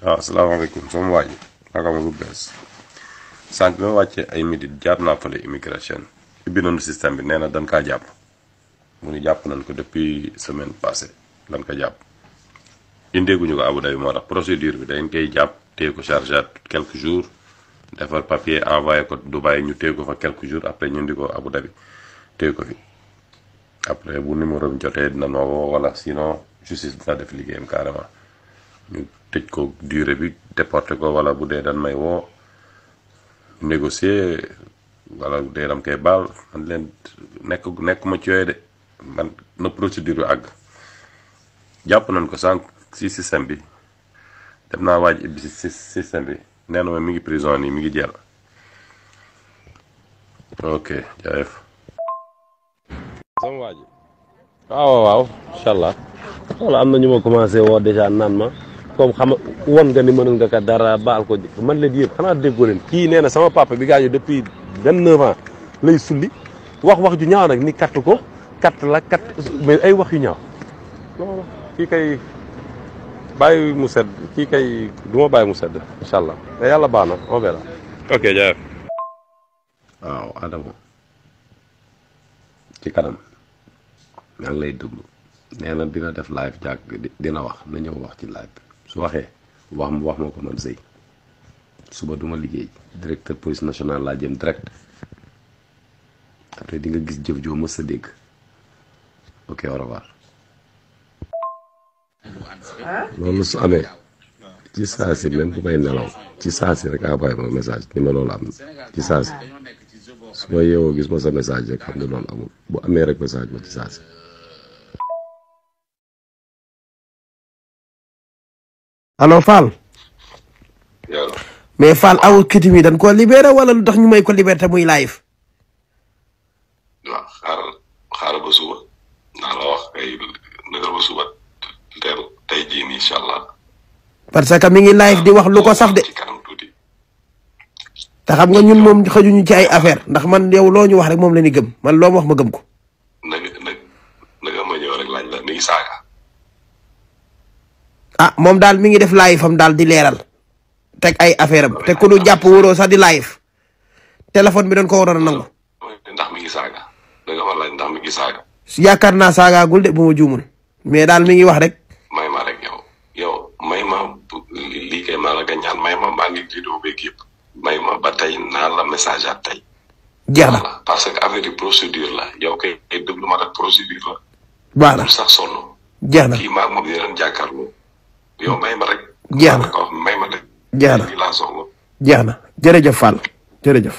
waaw ah, asalaamaaleykum sama waa ji naka ma lu bees sànq bi ma wàccee ay midi jaar naa fële immigration ubbi système bi nee na dañ kaa jàpp mu ni jàpp nañ ko depuis semaine passée lan ko jàpp. indeeguñu ko Abu Dhabi moo tax procédure bi dañ koy jàpp téye ko chargé quelques jours defar papier envoyé ko Dubaï ñu téye ko fa quelques jours après ñu indi ko Abu Dhabi téye ko fi après bu numéro bi jotee dina ma woo wala sinon justice dina def liggéeyam carrément tëj ko durée bi déporté ko wala bu dee dan may woo négocier wala bu dee dam koy baal man leen nekk nekkuma ci yooyu de man na procédure bi àgg jàpp nañ ko sànq si système bi dem naa waaj ibbi si système bi nee na ma mi ngi prison nii mi ngi jeel ok jaayef sama waa ji waaw waaw incha allah wala am na ñu ma commencé woo dèjà naan ma comme xam won nga ni mënul nga ko dara baal ko man leen yëpp xanaa déggoo leen kii nee na sama papa bi gaañu depuis vingt neuf ans lay sulli wax wax ju ñaaw nag ni katt ko katt la katt mais ay wax yu ñaaw non kii kay bàyyi mu sedd kii kay du bàyyi mu sedd incha allah te yàlla baax na on verra ok jaay waaw Adama ci kanam maa lay déglu nee na dina def live jàkk dina wax na ñëw wax ci live su waxee wax wax ma ko man sëy suba duma liggéey directeur police nationale laa jëm direct après di nga gis jëf joo mës a dégg ok au revoir loolu su amee ci saa si même bu may nelaw ci saa si rek envoyé ma message ni ma loolu am ci saa si su ma yeewoo gis ma sa message rek xam nga loolu amul bu amee rek message ma ci saa si allo Fall. mais Fall aw kiti mi dañ koo libéré wala lu tax ñu may ko liberté muy live. waaw parce que mi ngi live di wax lu ko saf de. te xam nga ñun moom xajuñu ci ay affaire ndax man yow loo ñu wax rek moom la ñu gëm man loo wax ma gëm ko. a ah, moom daal mi ngi def live am daal di leeral teg ay affaire am te ku nu jàpp wóoroo sax di live téléphone bi doon ko waroon a nangu. ndax mi saaga da yaakaar naa saagaagul de bu mais daal mi ngi wax rek. may ma rek may ma lii kay maa may ma ma ba tey jeex na parce que affaire yi procédure la yow kay déglu ma rek procédure la. baax jeex na yow may ma rek. jeex may ma rek. jeex na jeex na jërëjëf Fall jërëjëf.